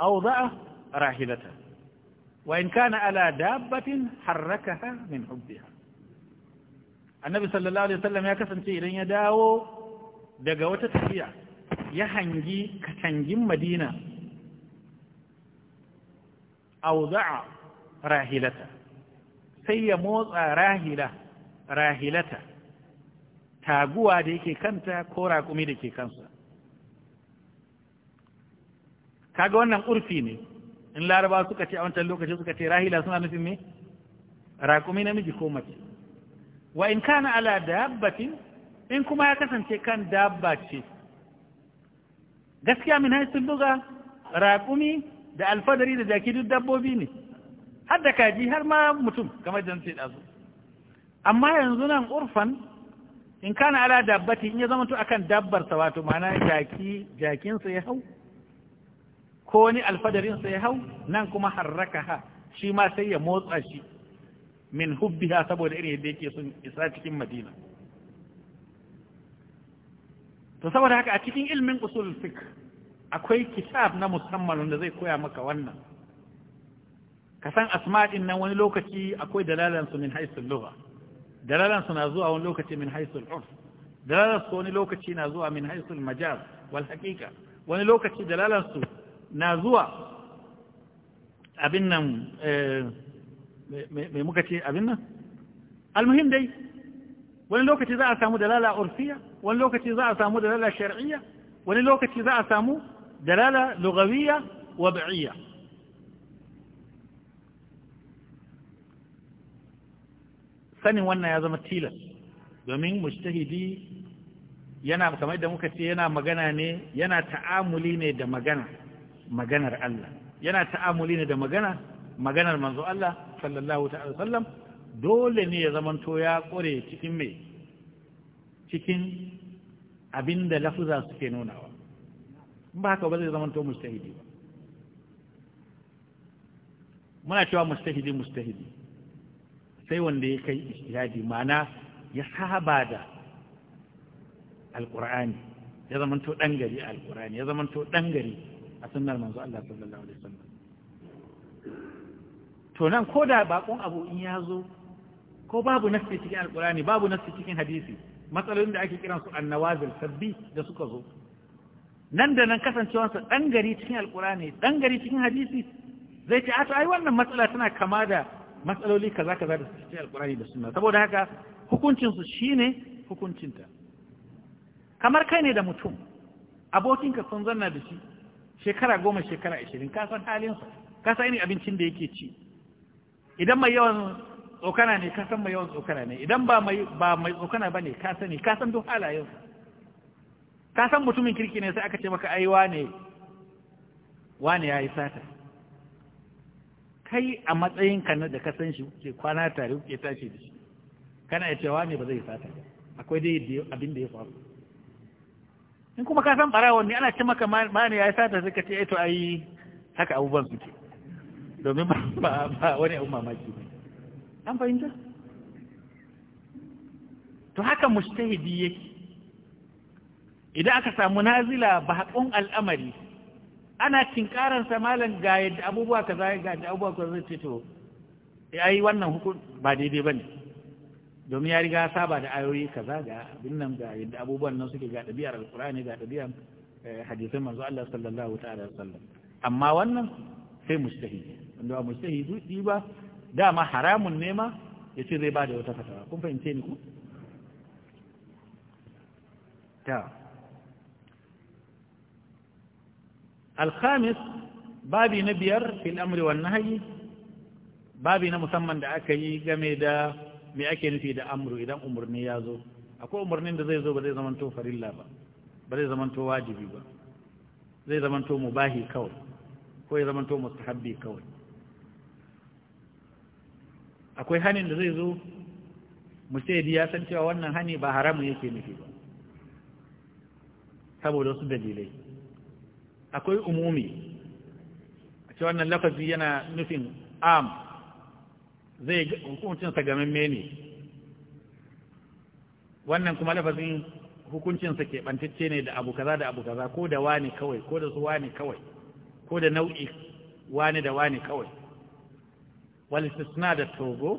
أو ضع راحلته وإن كان على دابة حركها من حبها النبي صلى الله عليه وسلم يا كسن شيء لن يداو دقوة تفيع يهنجي كتنجي مدينة أو ضع راحلته سيموت راحلة راحلته taguwa da yake kanta ko raƙumi da ke kansa kaga wannan urfi ne in laraba suka ce a wancan lokaci suka ce rahila suna nufin me raƙumi namiji ko mace wa in kana ala dabbatin in kuma ya kasance kan dabba ce gaskiya min haisun duga raƙumi da alfadari da jaki duk dabbobi ne har da kaji har ma mutum kamar da nace ɗazu amma yanzu nan urfan in kana ala dabbati in ya zama to akan sa wato ma'ana jaki jakinsa ya hau ko wani alfadarin sai hau nan kuma harrakaha shi ma sai ya motsa shi min hubbiha saboda irin yadda yake sun isa cikin madina to saboda haka a cikin ilmin usul fiqh akwai kitab na musamman wanda zai koya maka wannan ka san asma'in nan wani lokaci akwai dalalan su min haisul lugha dalalan su na zuwa wani lokaci min haisul urf dalalan su wani lokaci na zuwa min haisul majaz wal haqiqa wani lokaci dalalan su na zuwa abin nan eh, mai muka ce abin nan almuhim dai wani lokaci za a samu dalala urfiya wani lokaci za a samu dalala shar'iyya wani lokaci za a samu dalala lugawiyya wa ba'iyya sanin wannan ya zama tilas domin mujtahidi yana kamar da muka ce yana magana ne yana ta'amuli ne da magana maganar Allah yana ta'amuli ne da magana maganar manzo Allah sallallahu ta'ala sallam dole ne ya zamanto ya kore cikin mai cikin abinda lafuza suke nunawa ba haka ba zai zamanto mustahidi ba muna cewa mustahidi mustahidi sai wanda ya kai ijtihadi ma'ana ya saba da alqur'ani ya zamanto dan gari alqur'ani ya zamanto dan gari a sunnar manzo Allah sallallahu alaihi wasallam to nan ko da bakon abu in ya zo ko babu nassi cikin alkurani babu nassi cikin hadisi matsalolin da ake kiransu su annawazil sabbi da suka zo nan da nan kasancewarsa ɗan gari cikin alkurani ɗan gari cikin hadisi zai ce ato ai wannan matsala tana kama da matsaloli kaza kaza da suke alkurani da sunna saboda haka hukuncin su shine hukuncinta kamar kai ne da mutum abokinka sun zanna da shi shekara goma shekara ashirin ka san halinsa ka san irin abincin da yake ci idan mai yawan tsokana ne ka san mai yawan tsokana ne idan ba mai ba mai tsokana ba ne ka sani ka san duk halayensa ka san mutumin kirki ne sai aka ce maka ai wane wane ya yi sata kai a matsayinka na da ka san shi ke kwana tare ke tashi da shi kana ya cewa ne ba zai sata ba akwai dai abin da ya faru in kuma ka san barawon ne ana ce maka mani ya sata sai ka ce eto eh, ayi haka abubuwan suke domin ba wani abu mamaki ne an fahimta to haka mujtahidi yake idan aka samu nazila ba hakun al'amari ana tinkaran malam ga yadda abubuwa kaza ga yadda abubuwa kaza ce to ai wannan hukun ba daidai bane domin ya riga saba da ayoyi kaza ga abin nan ga yadda abubuwan nan suke ga ɗabi'ar alkur'ani ga ɗabi'ar eh, hadisin manzo Allah sallallahu ta'ala sallam amma wannan sai mustahidi wanda ba mustahidi di ba dama haramun ne ma yace zai ba da wata fatawa kun fahimce ni ku ta الخامس بابي نبير في الأمر والنهي babi na musamman da aka yi game da me ake nufi da amru idan umarni ya zo akwai umarnin da zai zo ba zai zamanto farilla ba ba zai zamanto wajibi ba zai zamanto mubahi kawai ko ya zamanto mustahabbi kawai akwai hanin da zai zo musaidi ya san cewa wannan hani ba haramun yake nufi ba saboda wasu dalilai akwai umumi a ce wannan lafazi yana nufin am zai hukuncinsa gamamme ne wannan kuma lafazin hukuncinsa keɓantacce ne da abu kaza da abu kaza ko da wani kawai ko da su wani kawai ko da nau'i wani da wani kawai wal da togo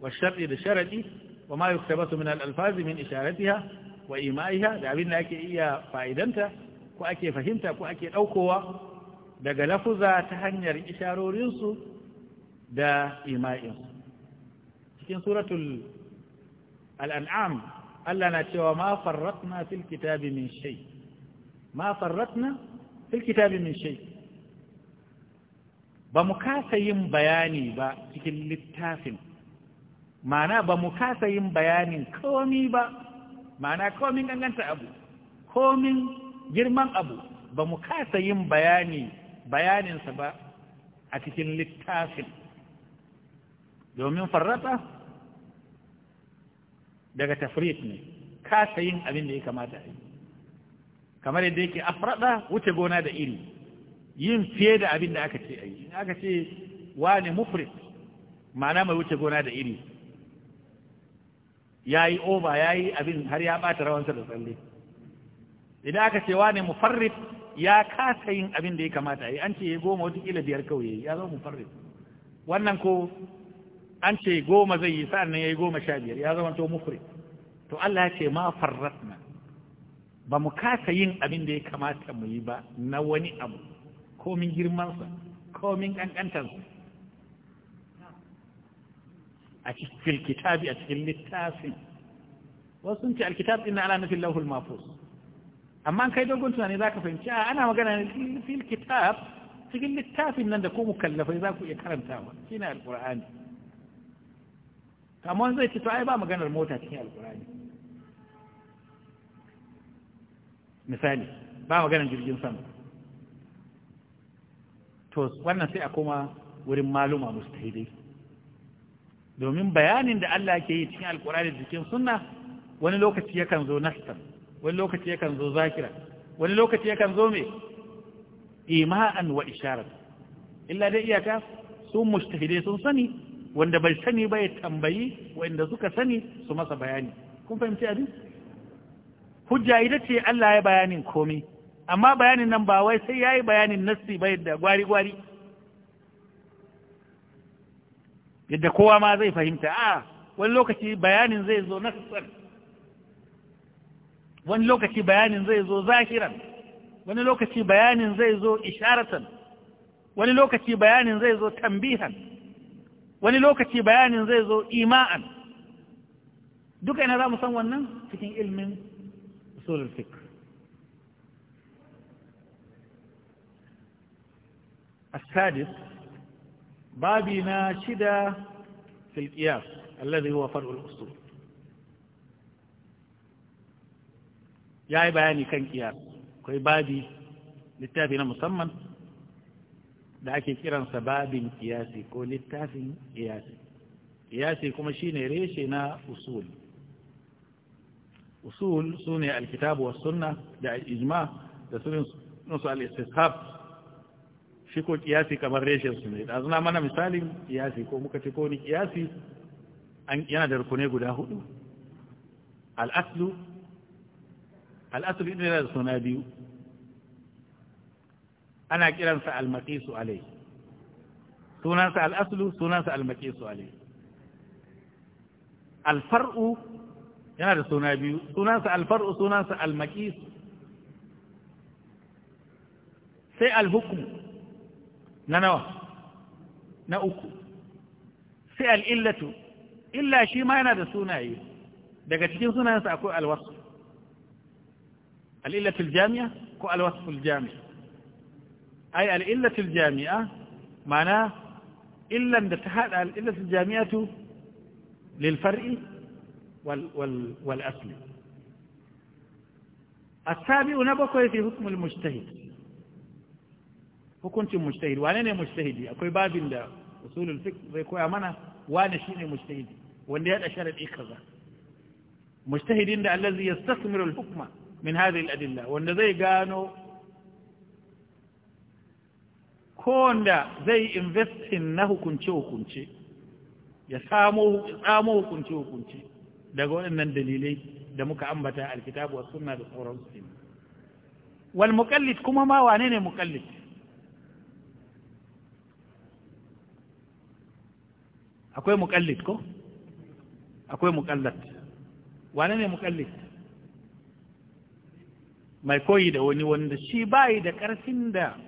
wa shar'i da sharadi wa ma yuktabatu min al alfazi min isharatiha wa ima'iha da abin da ake iya fa'idanta ko ake fahimta ko ake ɗaukowa daga lafuza ta hanyar isharorinsu da ima'insu cikin suratul al'an'am Allah na cewa ma farratna fil kitabi min shai ma farratna fil kitabi min shai ba mu kasa yin bayani ba cikin littafin ma'ana ba mu kasa yin bayanin komi ba ma'ana komin ganganta abu komin girman abu ba mu kasa yin bayani bayaninsa ba a cikin littafin domin farrata daga tafrit ne kasa yin abin da ya kamata a yi kamar yadda yake afrada wuce gona da iri yin fiye da abin da aka ce a yi in aka ce wane mufrit ma'ana mai wuce gona da iri ya yi oba ya yi abin har ya ɓata rawansa da tsalle idan aka ce wane mufarrit ya kasa yin abin da ya kamata a yi an ce ya goma watakila biyar kawai ya zo mufarrit wannan ko أنت قوم زي فأنا قوم شادير يا هذا أنت مفرد تقول لها شيء ما فرطنا بمكاسين أبين دي كما تمويبا نواني أبو كومين جرمانسا كومين أن أنتنسا في الكتاب أتكلم للتاسين وسنتي الكتاب إن على في الله المحفوظ أما أنك إذا قلت أن إذاك فإن أنا ما قلنا في الكتاب تقول للتاسين أن تكون مكلفة إذا كنت يكرم تاوى فينا القرآن kamar zai ci to ai ba maganar mota cikin alkurani misali ba maganar jirgin sama to wannan sai a koma wurin maluma mustahidai domin bayanin da Allah ke yi cikin alkurani cikin sunna wani lokaci yakan zo nastar wani lokaci yakan zo zakira wani lokaci yakan zo me ima'an wa isharar illa dai iyaka sun mustahidai sun sani wanda bai sani ba ya tambayi wanda suka sani su masa bayani kun fahimci abin hujja ita ce Allah ya bayanin komai amma bayanin nan ba wai sai yayi bayanin nassi ba yadda gwari gwari yadda kowa ma zai fahimta a wani lokaci bayanin zai zo nassan wani lokaci bayanin zai zo zahiran wani lokaci bayanin zai zo isharatan wani lokaci bayanin zai zo tambihan wani lokaci bayanin zai zo ima'an duka ina za mu san wannan cikin ilmin usulul fiqh السادس بابنا شدة في القياس الذي هو فرع الأصول يا بياني كان قياس كي بابي للتابعين مسمى da ake kiransa babin kiyasi ko littafin kiyasi kiyasi kuma shine reshe na usul usul su ne alkitabu wa sunna da ijma da sunin nusu al-istishab shi ko kiyasi kamar reshen su ne ɗazu mana misalin kiyasi ko muka ce ko ni kiyasi yana da rukune guda hudu al'aslu al-aslu ne da suna biyu ana kiransa almaqisu alai sunansa al'aslu sunansa almaqisu alai alfar'u yana da suna biyu sunansa alfar'u sunansa almaqisu sai alhukum na nawa na uku sai al'illatu illa shi ma yana da sunaye daga cikin sunansa akwai alwasu al'illatul jami'a ko alwasul jami'a أي الإلة الجامعة معناه إن لم تتحال الإلة الجامعة للفرق وال وال والأصل السابع نبقى في حكم المجتهد فكنت مجتهد وانا مجتهد أقول باب وصول الفكر يقول أمانا وانا شيني مجتهد وانا أشارة إكرة مجتهدين الذي يستثمر الحكم من هذه الأدلة وانا زي قانو kowanda zai invest in na hukunce-hukunce ya samo hukunce-hukunce daga waɗannan dalilai da muka ambata alkitabu wa suna da tsoron ne wal muƙallit kuma ma wane ne muƙallit akwai muƙallit ko akwai muƙallat wane ne muƙallit mai koyi da wani wanda shi bai da ƙarfin da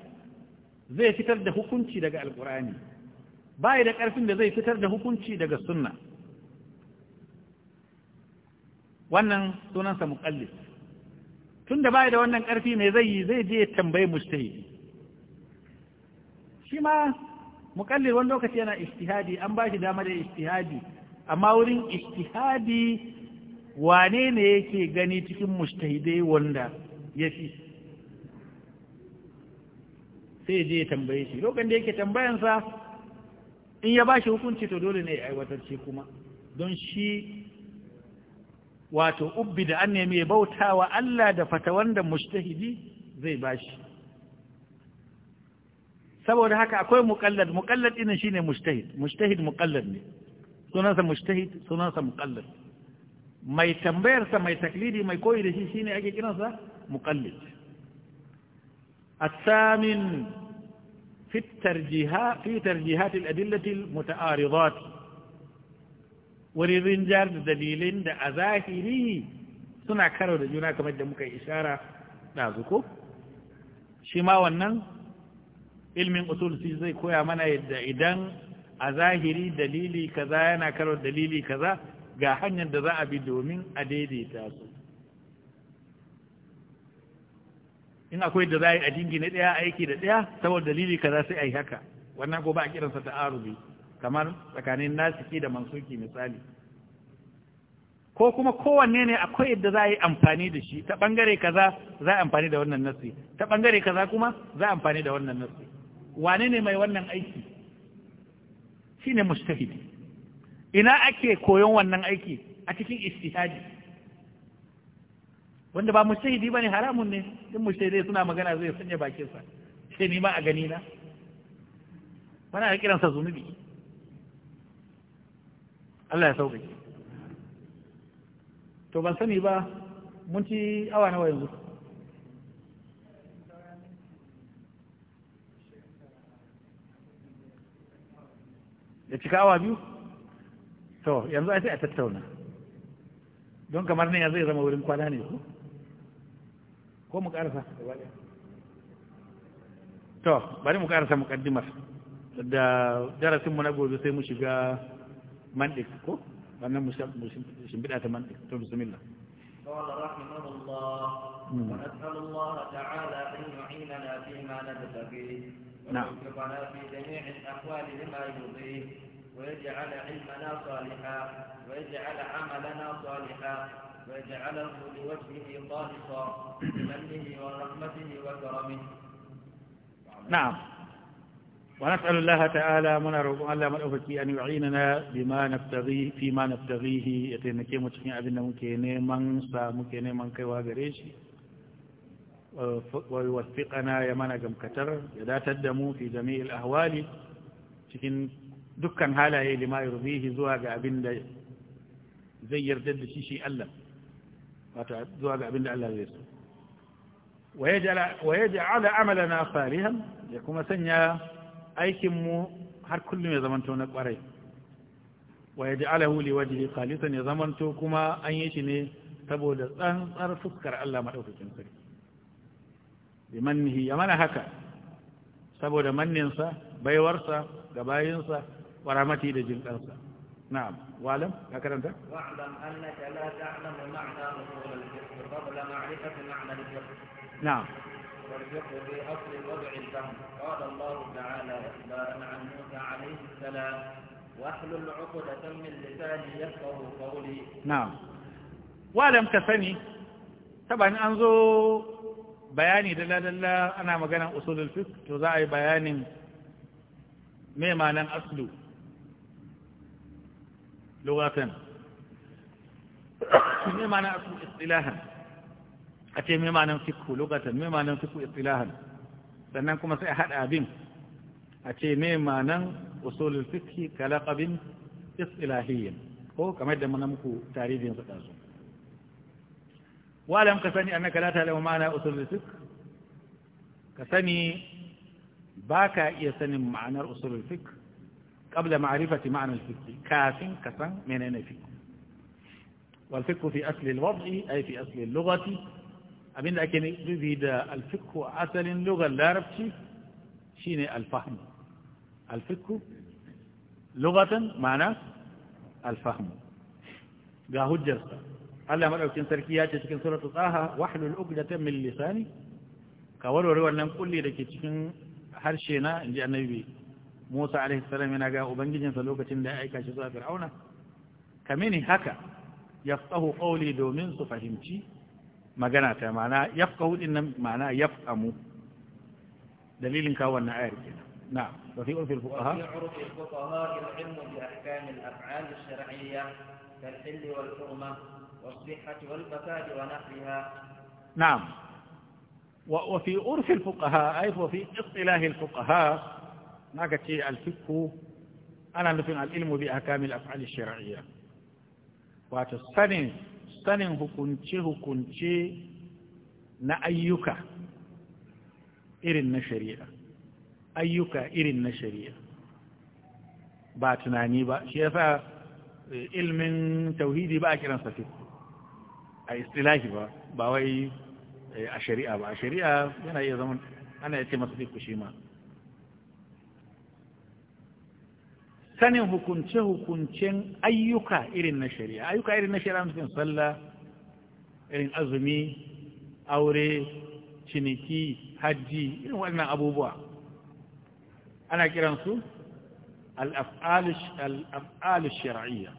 zai fitar da hukunci daga alkur'ani ba da ƙarfin da zai fitar da hukunci daga sunna wannan sunansa muƙallis tun da ba da wannan ƙarfi mai zai yi zai je tambayi mustahidi shi ma muƙallis wani lokaci yana istihadi an ba shi dama da istihadi amma wurin istihadi wane ne yake gani cikin mustahidai wanda ya fi sai je ya tambaye shi lokacin da yake tambayansa in ya ba shi hukunci to dole ne ya aiwatar kuma don shi wato ubbi da an nemi bautawa Allah da fatawan wanda mujtahidi zai bashi saboda haka akwai muƙallad muqallad din shine mujtahid mujtahid muƙallad ne sunansa mujtahid sunansa muƙallad mai tambayarsa mai taklidi mai koyi da shi shine ake kiransa muqallid الثامن fitar jihafitarjihati adillatil muta'arizat wuri rinja da dalilai da azahiri suna karar da juna kamar da muka ishara dasuko shima wannan ilmin usul si zai koya mana yadda idan azahiri dalili kaza yana karar dalili kaza ga hanyar da za a bi domin a daidaita su in akwai da za a yi a na ɗaya aiki da ɗaya saboda dalili kaza sai su yi haka wannan ko ba a kiransa ta arubi kamar tsakanin nasiki da mansuki misali ko kuma kowanne ne akwai yadda za a yi amfani da shi ta ɓangare kaza za a amfani da wannan nasi ta ɓangare kaza kuma za a amfani da wannan nasi wane ne mai wannan aiki shi ne mustahidi ina ake koyon wannan aiki a cikin istihadi wanda ba mushahidi bane haramun ne din mushahidai suna magana zai sanya bakin sa sai ni ma a gani na bana a kiransa zunubi Allah ya sauke to ban sani ba mun ci awa nawa yanzu ya cika awa biyu to yanzu a sai a tattauna don kamar ne ya zai zama wurin kwana ne ko ko mu karasa to bari mu karasa mukaddimar da darasin mu na gobe sai mu shiga mandik ko wannan mu shimbida ta mandik to bismillah قال رحمه الله ونسأل الله تعالى أن يعيننا فيما نبتغيه ويوفقنا في جميع الأحوال لما يرضيه ويجعل علمنا صالحا ويجعل عملنا صالحا ويجعله لوجهه خالصا بمنه ورحمته وكرمه نعم ونسأل الله تعالى من ربما الله ملأفكي أن يعيننا بما نبتغيه فيما نبتغيه يتنكي متكين أبنا مكيني من سا مكيني من كيوا غريش ويوثقنا يمنا جم كتر يدا تدمو في جميع الأهوال لكن دكان هالا لما يرضيه زواج أبنا زي يردد شيء ألم wato zuwa ga abin da Allah zai so wa amala amalana salihan ya kuma sanya aikin mu har kullum ya zamanto na kwarai wa yaj'alahu liwajhi khalisan ya zamanto kuma an yi shi ne saboda tsantsar fuskar Allah madaukakin sarki bi manni ya mana haka saboda manninsa baiwarsa gabayinsa ƙwaramati da jinkansa نعم واعلم هكذا واعلم أنك لا تعلم معنى أصول الفقه قبل معرفة معنى الفقه نعم والفقه في أصل وضع الفهم قال الله تعالى إخبارا عن موسى عليه السلام واحلل عقدة من لساني يفقه قولي نعم واعلم كفني طبعا أنظر بياني dala dala ana maganan usulul fiqh to za a yi bayanin lugatan me ma'anar aslu istilahan a ce me ma'anar fiqhu lugatan me ma'anar fiqhu istilahan sannan kuma sai a hada abin a ce me ma'anar usulul fiqhi kalaqabin istilahiyyin ko kamar da muna muku tarihin su dazu wa lam sani annaka la ta'lamu ma'ana usulul ka sani baka iya sanin ma'anar usulul قبل معرفة معنى الفك كاف كفا من أين فيك والفك في أصل الوضع أي في أصل اللغة أبين لكن يزيد الفك أصل اللغة لا ربشي شين الفهم الفك لغة معنى الفهم قاهو الجرس قال لهم أرأوكين تركيات تكن سورة طاها وحل الأقدة من اللساني كولو روان نقول لي لكي تكن هرشينا إن النبي موسى عليه السلام ينقى أبنجي فلوكة لا أعيكا شزاء فرعون كميني هكا يفقه قولي دومين صفهمتي مقناتا معنى يفقه ان معنى يفهم دليل كوانا آيك نعم وفي عرف الفقهاء عرف الفقهاء العلم بأحكام الأفعال الشرعية كالحل والحرمة والصحة والفساد ونحلها نعم وفي عرف الفقهاء أي وفي اصطلاح الفقهاء ما قلت الفقه أنا نفهم العلم بأحكام الأفعال الشرعية واتستنن استنن هكونتي هكونتي نأيوكا إرن نشريع أيوكا إرن نشريع باتناني با شيفا علم توحيدي باكرا سفق أي استلاحي با باوي الشريعة با الشريعة ينا يزمون أنا يتمسفق شيما sanin hukunce-hukuncen ayyuka irin na shari'a ayyuka irin na shari'a mutum sallah irin azumi aure ciniki hajji irin wannan abubuwa ana kiransu al'af'alu shari'a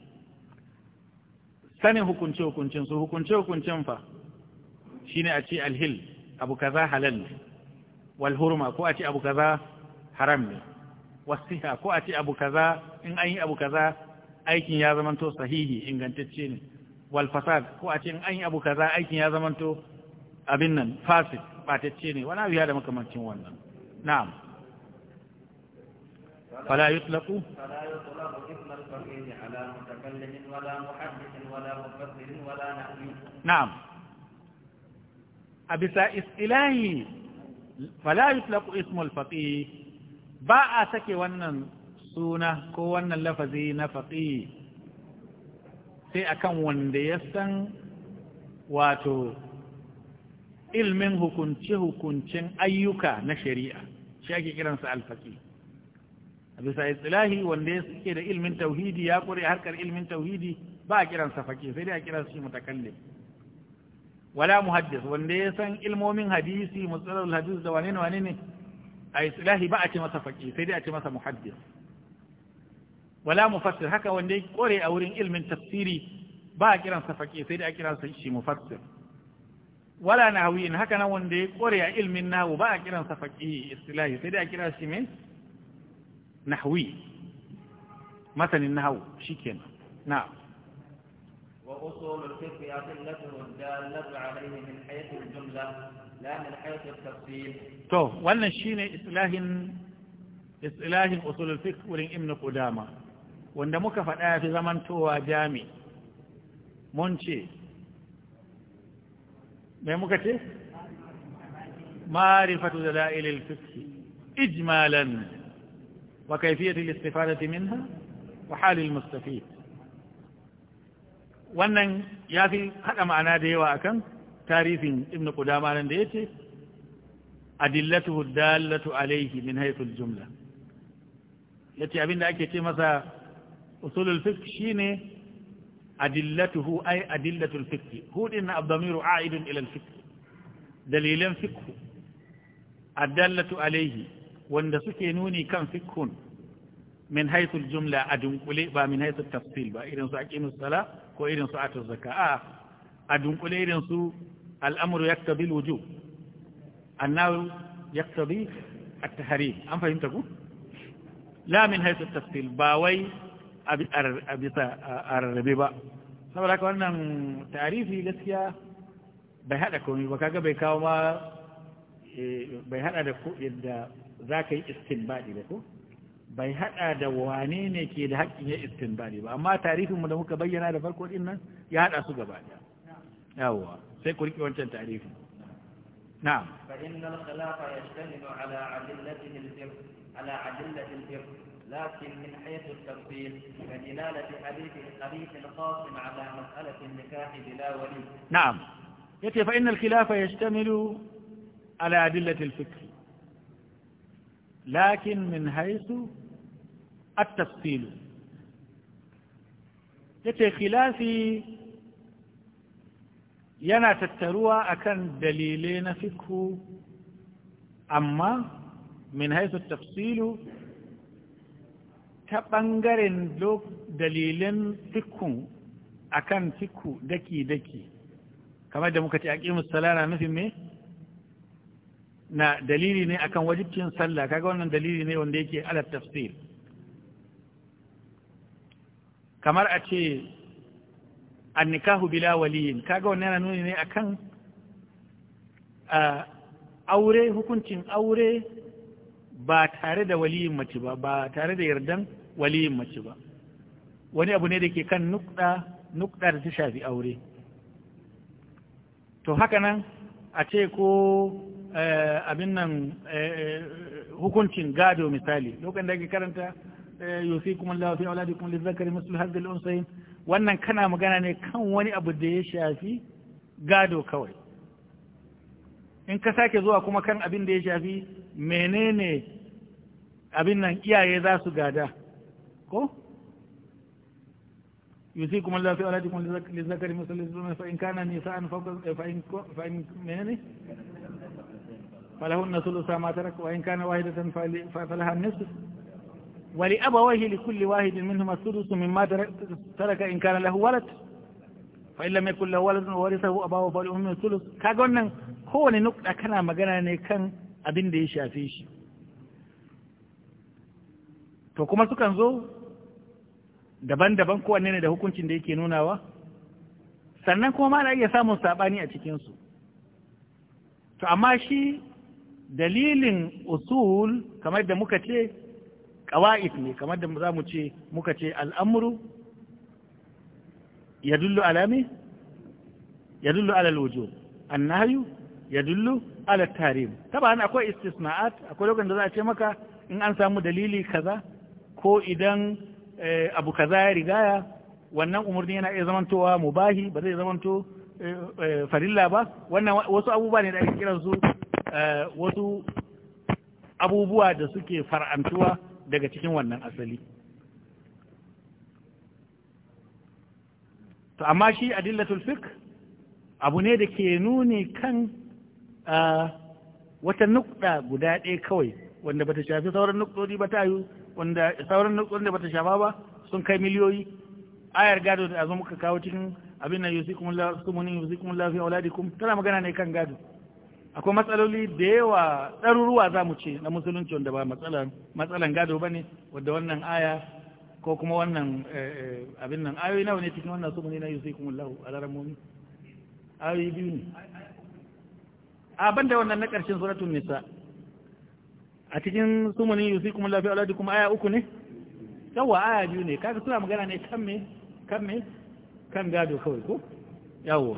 sanin hukunce-hukuncen su hukunce-hukuncen fa shi ne a ce alhil abu kaza halal ne walhurma ko a ce abu kaza haram ne wasiha ko a ce abu kaza in an yi abu kaza aikin ya zamanto sahihi ingantacce ne wal fasad ko a ce in an yi abu kaza aikin ya zamanto abin nan fasid batacce ne wani abu ya da makamancin wannan na'am فلا يطلق فلا يطلق اسم الفقيه على wala ولا محدث ولا مفسر ولا نحوي نعم أبسا إسئلاهي فلا يطلق اسم الفقيه ba a sake wannan suna ko wannan lafazi na faƙi sai akan wanda ya san wato ilmin hukunce-hukuncen ayyuka na shari'a shi ake kiransa alfaƙi a bisa istilahi wanda ya suke da ilmin tauhidi ya kure harkar ilmin tauhidi ba a kiransa faƙi sai dai a kiransa shi mutakallim wala muhaddis wanda ya san ilmomin hadisi mutsalar hadisi da ne wane ne أي إلهي بأتي مثل فجي سيدي أتي مثل محدث ولا مفسر هكا واندي قري أورين علم تفسيري بأكي رانسا فجي سيدي أكي رانسا مفسر ولا نهوي إن هكا واندي قري علم ناو بأكي رانسا فجي إلهي سيدي أكي رانسا نحوي مثل النهو شكينا نعم وأصول الفقه التي والدالة عليه من حيث الجملة لا من حيث التفصيل تو ولنا الشينة إسلاهن إسلاهن أصول الفقه ولن ابن قدامة وإن مكفى الآية في زمن توا جامي منشي ما مكتب معرفة دلائل الفقه إجمالا وكيفية الاستفادة منها وحال المستفيد يا يأتي حتى معنا ديوة أكمل tarihin ibn qudama nan da yace adillatuhu dallatu alayhi min haythu jumla yace abinda ake ce masa usulul fiqh shine adillatuhu ay adillatul fiqh hu din abdamiru a'idun ila al-fiqh dalilan fiqh adallatu alayhi wanda suke nuni kan fiqhun min haythu al-jumla adunkule ba min haythu tafsil ba irin su aqimus sala ko irin su atuz zakaa dunkule irin su الأمر يقتضي الوجوب النار يقتضي التحريم أم فهمتكو لا من حيث التفصيل باوي أبي الربيبا لو لك أن تعريفي قسيا بهدكم وكاك بيكاوما إيه، بهدى دكو يدى ذاك استنباد لكو بهدى دوانين كيد حق إنه استنباد أما تعريفي مدموك بينا دفرقوا إنه يهدى سوق بعد يا نعم. الله sai لك وانت تعريفه نعم فإن الخلاف innal على yajtamiu ala على عدلة fiqh لكن من حيث التفصيل فدلالة حديث حديث خاص على مسألة النكاح بلا ولي نعم يتي فإن الخلاف يشتمل على أدلة الفكر لكن من حيث التفصيل يتي خلافي yana tattaruwa akan dalilai na fiku amma min haisu tafsilu ta ɓangaren dalilin fikun akan fiku daki-daki kamar da muka ce aqimus salana nufin me na dalili ne akan wajibcin sallah kaga wannan dalili ne wanda yake ala tafsir kamar a ce annikahu bila waliyin kaga wannan yana nuni ne akan aure hukuncin aure ba tare da waliyin mace ba ba tare da yardan waliyin mace ba wani abu ne da ke kan nukda nukda da ta shafi aure to haka nan a ce ko eh, abin nan eh, eh, hukuncin gado misali lokacin da ake karanta yusikum Allahu fi auladikum lizakari mislu hadhihi al-unsayn wannan kana magana ne kan wani abu da ya shafi gado kawai in ka sake zuwa kuma kan abin da ya shafi menene abin nan iyaye za su gada ko yuzi kuma Allah fi alaji kuma li zakari musallin zuwa fa in kana nisa sa'an fa in fa in menene falahunna sulusa ma tarak wa in kana wahidatan fa falaha nisf wani لكل واحد منهما السدس مما ترك إن كان له ولد فإن لم يكن له ولد وورثه أباه فلأمه الثلث kaga wannan kowane nukta kana magana ne kan abin da ya shafe shi to kuma sukan zo daban-daban kowanne ne da hukuncin da yake nunawa sannan kuma ana iya samun saɓani a cikinsu to amma shi dalilin usul kamar da muka ce ƙawa'id ne kamar da za mu ce muka ce al'amuru ya dullu alami ya dullu alal wujo annahayu ya dullu alal tarim taba akwai istisna'at akwai lokacin da za a ce maka in an samu dalili kaza ko idan eh, abu kaza ya rigaya wannan umarni yana iya zamantowa mubahi ba zai zamanto eh, eh, farilla ba wannan wasu abubuwa ne da ake kiransu wasu abubuwa da suke far'antuwa daga cikin wannan asali to amma shi adillatul fiqh abu ne da ke nuni kan wata nukta guda ɗaya kawai wanda bata shafi sauran nukdodi ba ta yi wanda sauran nukdodi da bata shafa ba sun kai miliyoyi ayar gado da azu muka kawo cikin abin nan yusikum Allah sumuni lafiya Allah fi auladikum tana magana ne kan gado akwai matsaloli da yawa ɗaruruwa za mu ce na musulunci wanda ba matsalan gado ba ne wadda wannan aya ko kuma wannan eh, eh, abin nan ayoyi nawa ne cikin wannan sumuni na yusuf kuma lahu a ranar ayoyi biyu ne a ban da wannan na ƙarshen suratun nisa a cikin sumunin yusuf kuma lafi aladu kuma aya uku ne yawa aya biyu ne kaga suna magana ne kan me kan me kan gado kawai ko yawo.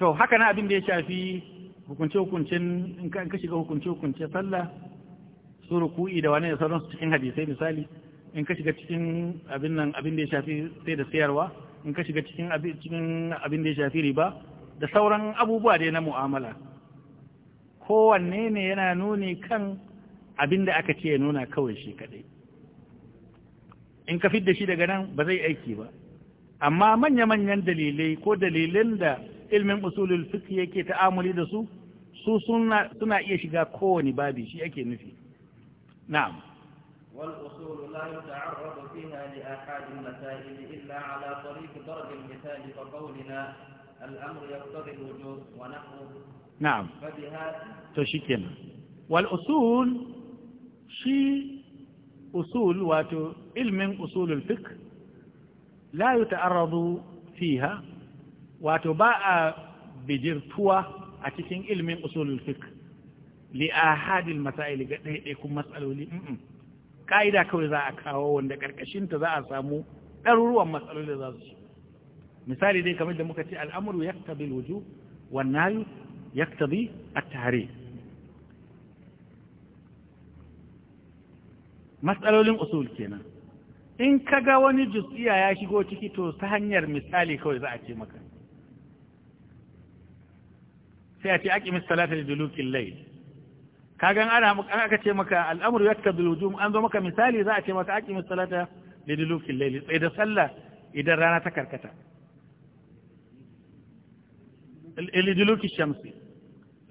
to haka na abin da ya shafi hukunce hukunce in ka shiga hukunce-hukunce sallah su ruku'i da wani da sauransu cikin hadisai misali in ka shiga cikin abin nan abin da ya shafi sai da sayarwa in ka shiga cikin abin da ya shafi riba da sauran abubuwa dai na mu'amala kowanne ne yana nuni kan abin da aka ce ya nuna kawai shi kadai. in ka fidda shi daga nan ba zai aiki ba amma manya-manyan dalilai ko dalilin da ilmin usulul fiqh yake ta'amuli da su su suna suna iya shiga kowani babi shi yake nufi na'am wal usul la yata'arradu fiha li ahad al-masail illa ala tariq darb al-misal fa qawlina al-amr yaqtadi al-wujub wa nahwu na'am to shikenan wal usul shi usul wato ilmin usulul fiqh la yata'arradu fiha wato ba a bijirtuwa a cikin ilimin usulul fiqh li ahadil masail ga ɗaiɗai kun matsaloli ka'ida kawai za a kawo wanda karkashin ta za a samu daruruwan matsaloli za su ci misali dai kamar da muka ce al'amru yaktabi alwuju wan nayu yaktabi at-tahrim matsalolin usul kenan in kaga wani juz'iya ya shigo ciki to ta hanyar misali kawai za a ce maka sai a ce aqimis salata da duluqil layl kagan an aka ce maka al'amru yaktabil wujum an zo maka misali za a ce maka aqimis salata li duluqil layl sai da sallah idan rana ta karkata li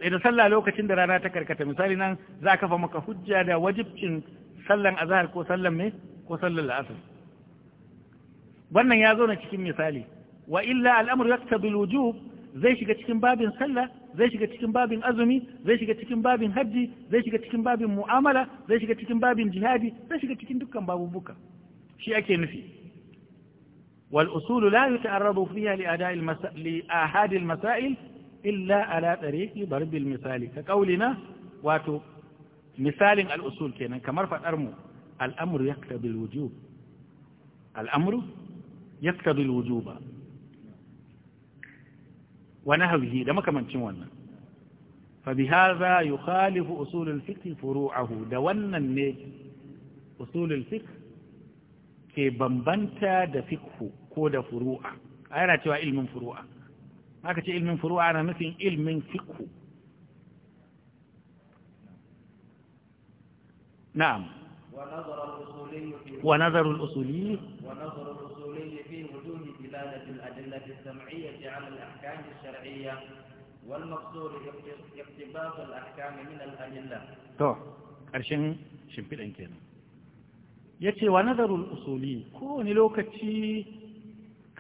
da sallah lokacin da rana ta karkata misali nan za a kafa maka hujja da wajibcin sallan azahar ko sallan me ko sallan la'asar wannan ya zo na cikin misali wa illa al'amru yaktabil wujub zai shiga cikin babin sallah zai shiga cikin babin azumi zai shiga cikin babin hajji zai shiga cikin babin mu'amala zai shiga cikin babin jihadi zai shiga cikin dukkan babubuka shi ake nufi wal usul la yata'arradu fiha li ada'i al li ahadi al masail illa ala tariqi darb al misali ka qaulina wato misalin al usul kenan kamar fadar mu al amru yaqtabi al wujub al amru yaqtabi al wujuba ونهوه ده ما كمان تشوانا فبهذا يخالف أصول الفقه فروعه دونا ونا أصول الفقه كي بمبنتا دا فقه كودا فروع أنا تيوى علم فروع ما كتي علم فروع أنا مثل علم فقه نعم ونظر الأصولي في ونظر الأصولي ونظر الأصولي في وجود استفادة الأدلة السمعية على الأحكام الشرعية والمقصود اقتباس الأحكام من الأدلة طوح طيب، أرشن شمبيل أنكينا يتي ونظر الأصولي كون لوكتي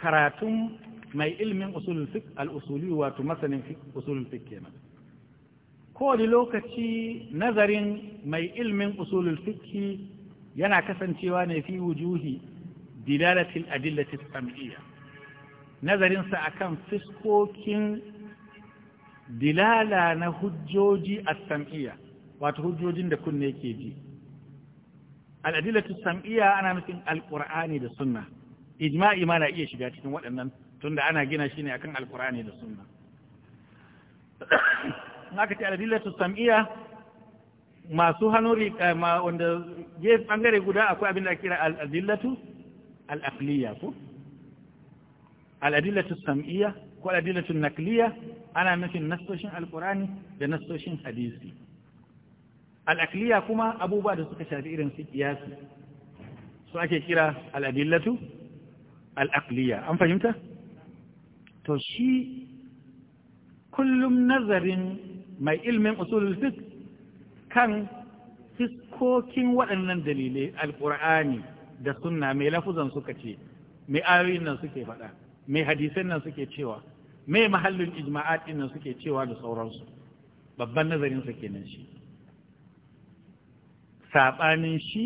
كراتم ما علم أصول الفك الأصولي وتمثل في أصول الفك كينا كون لوكتي نظر ما علم أصول الفك ينعكس انتواني في وجوه دلالة الأدلة السمعية nazarinsa akan fiskokin dilala na hujjoji a sam'iyya wato hujjojin da kunne ke ji al'adilatu sam'iyya ana nufin alƙur'ani da sunna ijma'i ma na iya shiga cikin waɗannan tunda ana gina shi ne akan alƙur'ani da sunna haka ce al'adilatu sam'iyya masu hannu eh, wanda gefe ɓangare guda akwai abin da kira al'adilatu Al'afiliya ko al'adilatu sam'iyya ko al'adilatu nakliya ana nufin nasoshin alkurani da nasoshin hadisi al'akliya kuma abubuwa da suka shafi irin su kiyasi su ake kira al'adillatu al'akliya an fahimta? to shi kullum nazarin mai ilmin usulul fiqh kan fiskokin waɗannan dalilai alƙur'ani da sunna mai lafuzan suka ce mai ayoyin nan suke faɗa mai hadisan nan suke cewa mai mahallin ijma'at nan suke cewa da sauransu babban nazarin sa kenan shi saɓanin shi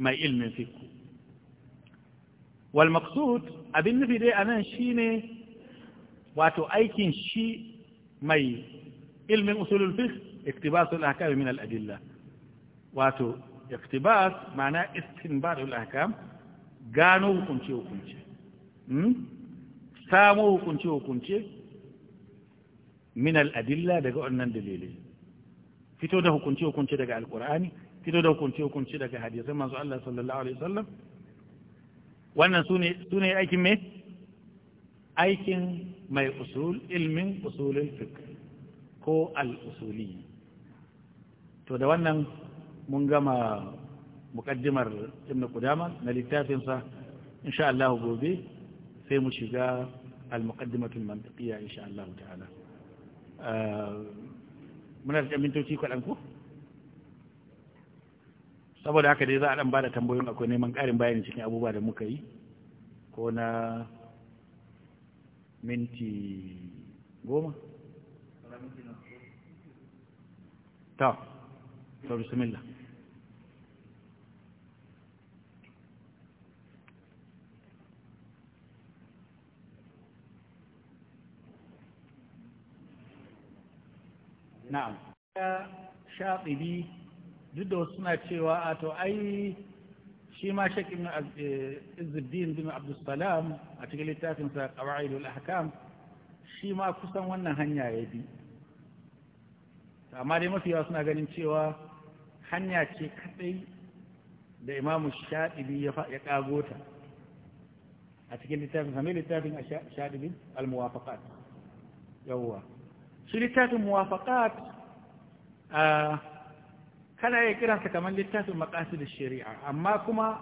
mai ilmin fiqh wal maqsud abin nufi dai anan shine wato aikin shi mai ilmin usulul fiqh iktibasul ahkam min al adilla wato iktibas ma'ana istinbatul ahkam gano hukunce hukunce hmm? samo hukunce-hukunce min al'adilla daga wannan dalilai fito da hukunce-hukunce daga alkur'ani fito da hukunce-hukunce daga hadisai masu Allah sallallahu Alaihi wasallam wannan su ne aikin mai aikin mai usul ilmin usulul fiqh ko al'usuli to da wannan mun gama mukaddimar ibn kudama na littafinsa insha Allah gobe sai mu shiga al-muqaddimatul mantiqiyya شاء الله تعالى من da من kaɗan ko saboda haka dai za a ɗan ba tambayoyin akwai neman ƙarin bayani cikin abubuwa da muka yi ko na minti goma ta na'am ya shaɗibi duk da suna cewa a to ai shi ma shek eh, izuddin bin abdulsalam a cikin littafin sa qawaidul ahkam shi ma kusan wannan hanya ya bi amma dai mafi yawa suna ganin cewa hanya ce kadai da imamu shaɗibi ya ƙago ta a cikin littafin sami littafin a al-muwafaqat yawwa Su littafin a kana iya kiransa kamar littafin da shari'a amma kuma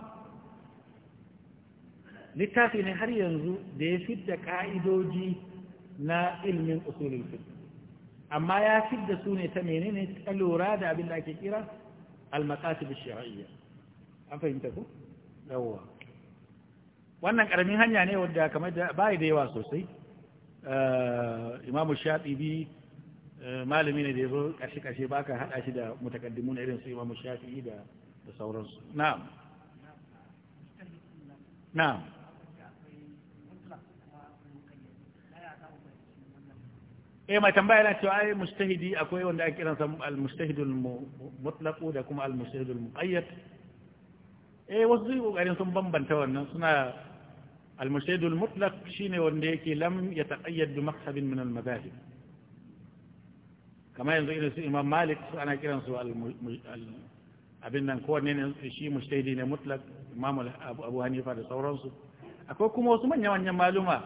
littafi ne har yanzu da ya fidda ƙa'idoji na ilmin usulun fi amma ya fidda su ne ta menene ta lura da abin da ake kira al da shari'a. an fahimta ku? yawwa wannan ƙaramin hanya ne wadda kamar da bayi da yawa sosai Eh, imamu shaɗibi eh, malami ne da ya zo ƙashe-ƙashe ba ka haɗa shi da mutakaddimun irin su imamu shafi'i da sauransu na'am na'am eh mai tambaya na cewa ai mustahidi akwai wanda ake kiransa al-mustahidul mutlaq da kuma al-mustahidul muqayyad eh wasu kokarin sun bambanta wannan suna المجتهد المطلق شيني وانديكي لم يتقيد بمقصد من المذاهب كما ينظر إلى إمام مالك أنا كلا سؤال abin nan kowanne shi mujtahidi mutlak imam abu hanifa da sauransu akwai kuma wasu manya-manyan maluma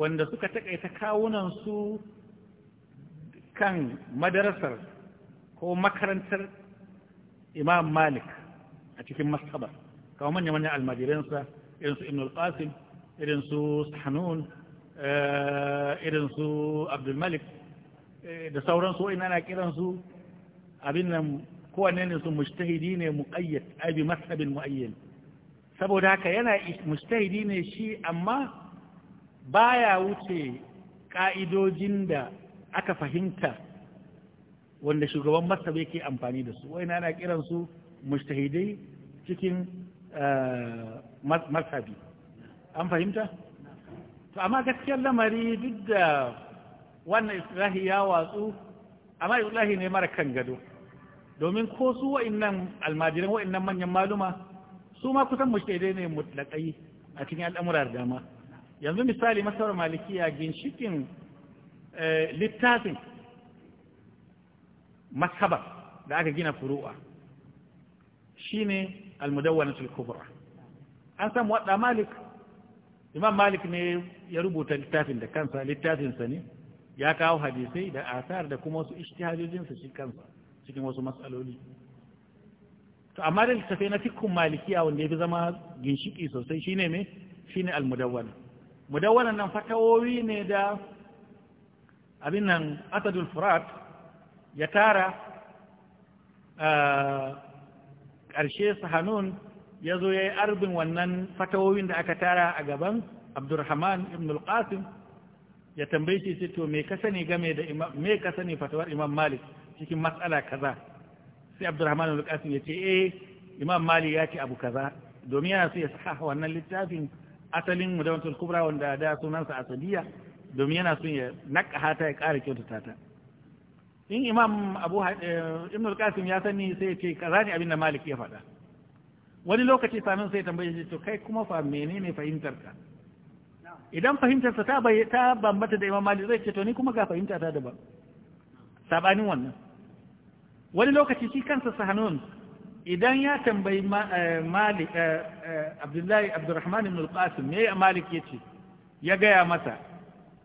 wanda suka takaita kawunansu kan madarasar ko makarantar imam malik a cikin masaba kawo manya-manyan almajiransa irinsu irin su hanun irin su abdulmalik da sauransu ina na kiransu abin nan kowanne ne su mujtahidi ne muqayyad abi bi muayyan saboda haka yana mujtahidi ne shi amma baya wuce ka'idojin da aka fahimta wanda shugaban mazhab yake amfani da su ina na kiransu mujtahidai cikin mazhabi an fahimta to amma gaskiyar lamari duk da wannan islahi ya watsu amma islahi ne mara kan gado domin ko su wa'innan almajiran wa'innan manyan maluma su ma kusan mushaidai ne mutlaƙai a cikin al'amura da dama yanzu misali masarar malikiya ginshikin eh, littafin makabar da aka gina furu'a shine almudawwanatul kubra an samu wadda malik imam malik ne ya rubuta littafin da kansa littafinsa ne ya kawo hadisai da asar da kuma wasu su shi kansa cikin wasu matsaloli to amma da littafai na fikkun malikiya wanda ya fi zama ginshiki sosai shine me shine almudawwana mudawwana nan fatawowi ne da abin nan asadul furat ya tara ah, ƙarshe sahanun ya zo ya yi arbin wannan fatawowin da aka tara a gaban abdurrahman ibn al ya tambaye shi to me ka sani game da me ka sani fatawar imam malik cikin matsala kaza sai abdurrahman ibn al ya ce eh imam malik ya ce abu kaza domin yana so ya saha wannan littafin asalin mudawatul kubra wanda da sunansa asadiya domin yana so ya nakaha ta ya ƙara kyautata ta in imam abu eh, ibn al ya sani sai ya ce kaza ne Abinda malik ya faɗa wani lokaci samun sai tambaye shi to kai kuma fa menene fahimtarka idan fahimtarsa ta ta bambata da Imam Malik zai ce to ni kuma ga fahimta ta daban sabanin wannan wani lokaci shi kansa Sahanun idan ya tambayi eh, Malik eh, eh, Abdullahi Abdurrahman ibn al-Qasim me Malik yace ya gaya masa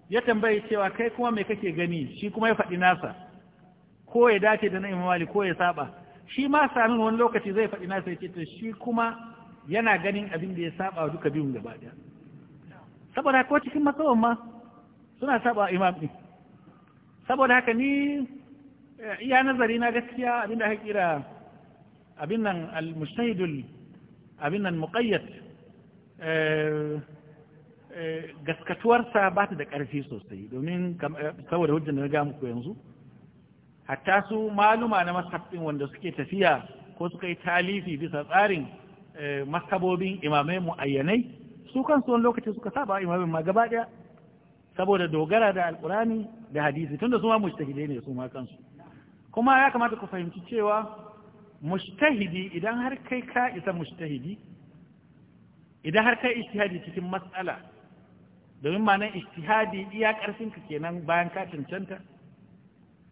ya tambaye cewa kai kuma me kake gani shi kuma ya faɗi nasa ko ya dace da na Imam Malik ko ya saba shi ma sami wani lokaci zai faɗi nasa ya ce ta shi kuma yana ganin abin da ya saba wa duka biyun gaba ɗaya saboda ko cikin matsawan ma suna saba imam ɗin saboda haka ni eh, iya nazari na gaskiya abin da aka kira abin nan al-mustahidul abin nan muƙayyad, eh, eh, gaskatuwarsa ba ta da ƙarfi sosai domin saboda hujjar da na gama ku yanzu hatta su maluma na mashafin wanda suke tafiya ko suka yi talifi bisa tsarin eh, masabobin imamai mu'ayyanai su kan wani lokaci suka saba imamin ma gaba ɗaya saboda dogara da alkurani da hadisi tunda su ma mushtahide ne su ma kansu kuma ya kamata ku fahimci cewa mujtahidi idan har kai ka isa mujtahidi idan har kai ijtihadi cikin matsala domin ma nan ijtihadi iya karfin ka kenan bayan ka cancanta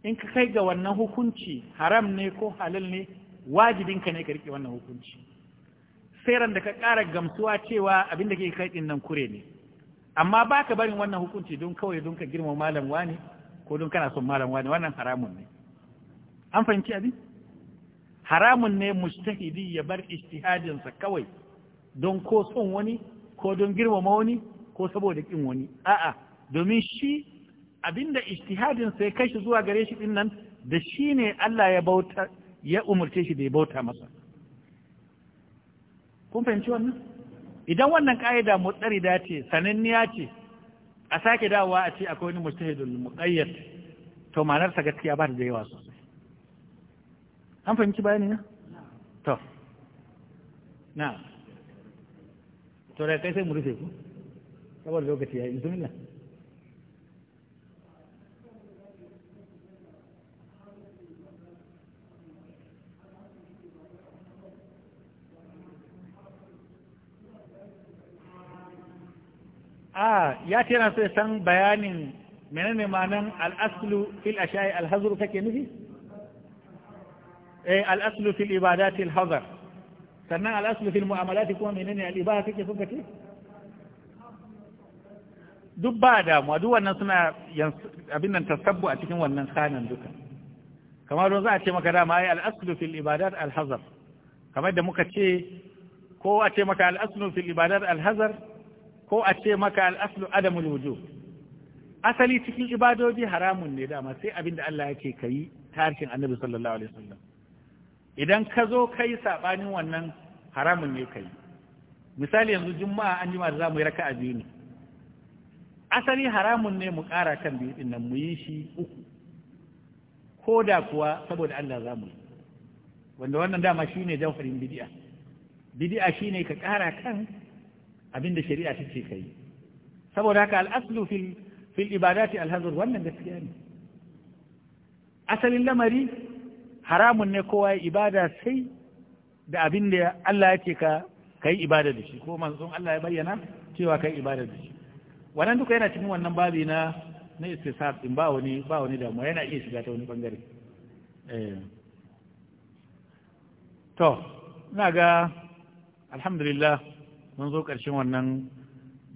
in ka kai ga wannan hukunci haram ne ko halal ne wajibinka ne ka rike wannan hukunci sai ran da ka ƙara gamsuwa cewa abin da ke kai ɗin nan kure ne amma ba ka barin wannan hukunci don kawai don ka girma malam wani ko don kana son malam wani wannan haramun ne an fahimci abin haramun ne mujtahidi ya bar ijtihadinsa kawai don ko son wani ko don girmama wani ko saboda kin wani a'a domin shi abinda ijtihadin sai kai shi zuwa gare shi din nan da shi ne Allah ya bauta ya umurce shi da ya bauta masa kun fahimci wannan idan wannan ka'ida mutsari da ce sananniya ce a sake dawowa a ce akwai wani mujtahidul muqayyad to ma'anar sa gaskiya ba da yawa sosai an fahimci bayani na to na to da kai sai mu rufe ku saboda lokaci ya yi bismillah ya ce yana so ya san bayanin menene ma'anan al'aslu fil shai alhazru kake nufi eh al'aslu fil ibadati alhazar sannan al'aslu fil mu'amalati kuma menene al'ibaha kake so kace duk ba damuwa duk wannan suna abin nan tasabbu a cikin wannan kanan duka kamar don za a ce maka dama ai al'aslu fil ibadat alhazar kamar da muka ce ko a ce maka al'aslu fil ibadat alhazar ko a ce maka al'aslu adamul wujub asali cikin ibadoji haramun ne dama sai abin da Allah yake ce ka yi harshen annabi sallallahu alaihi wasallam idan ka zo ka yi saɓanin wannan haramun ne ka yi misali yanzu juma'a an jima za mu yi raka a biyu asali haramun ne mu ƙara kan biyu ɗin nan mu yi shi uku ko da kuwa saboda Allah za mu yi wanda wannan dama shi ne jamfarin bidi'a bidi'a shi ne ka ƙara kan abinda shari'a ta ce kai saboda haka al'aslu fil fil ibadati alhazur wannan gaskiya ne asalin lamari haramun ne kowa ya ibada sai da abin da Allah ya ce ka kai ibada da shi ko manzon Allah ya bayyana cewa kai ibada da shi wannan duka yana cikin wannan babi na na istisab din ba wani ba wani damuwa yana iya shiga ta wani bangare eh. to ina ga alhamdulillah mun zo ƙarshen wannan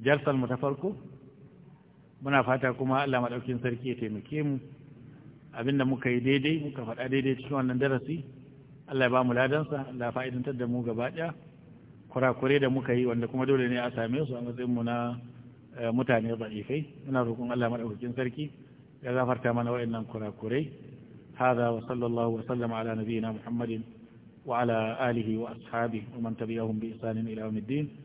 jarsal mu ta farko muna fata kuma Allah maɗaukin sarki ya taimake mu abinda muka yi daidai muka faɗa daidai cikin wannan darasi Allah ya ba mu ladansa Allah fa'idantar da mu gaba ɗaya kurakure da muka yi wanda kuma dole ne a same su a matsayin mu na eh, mutane da'ifai muna roƙon Allah maɗaukin sarki ya zafarta mana wa'annan kurakurai هذا وصلى الله وسلم ala alihi محمد وعلى آله وأصحابه ومن تبعهم بإحسان إلى يوم الدين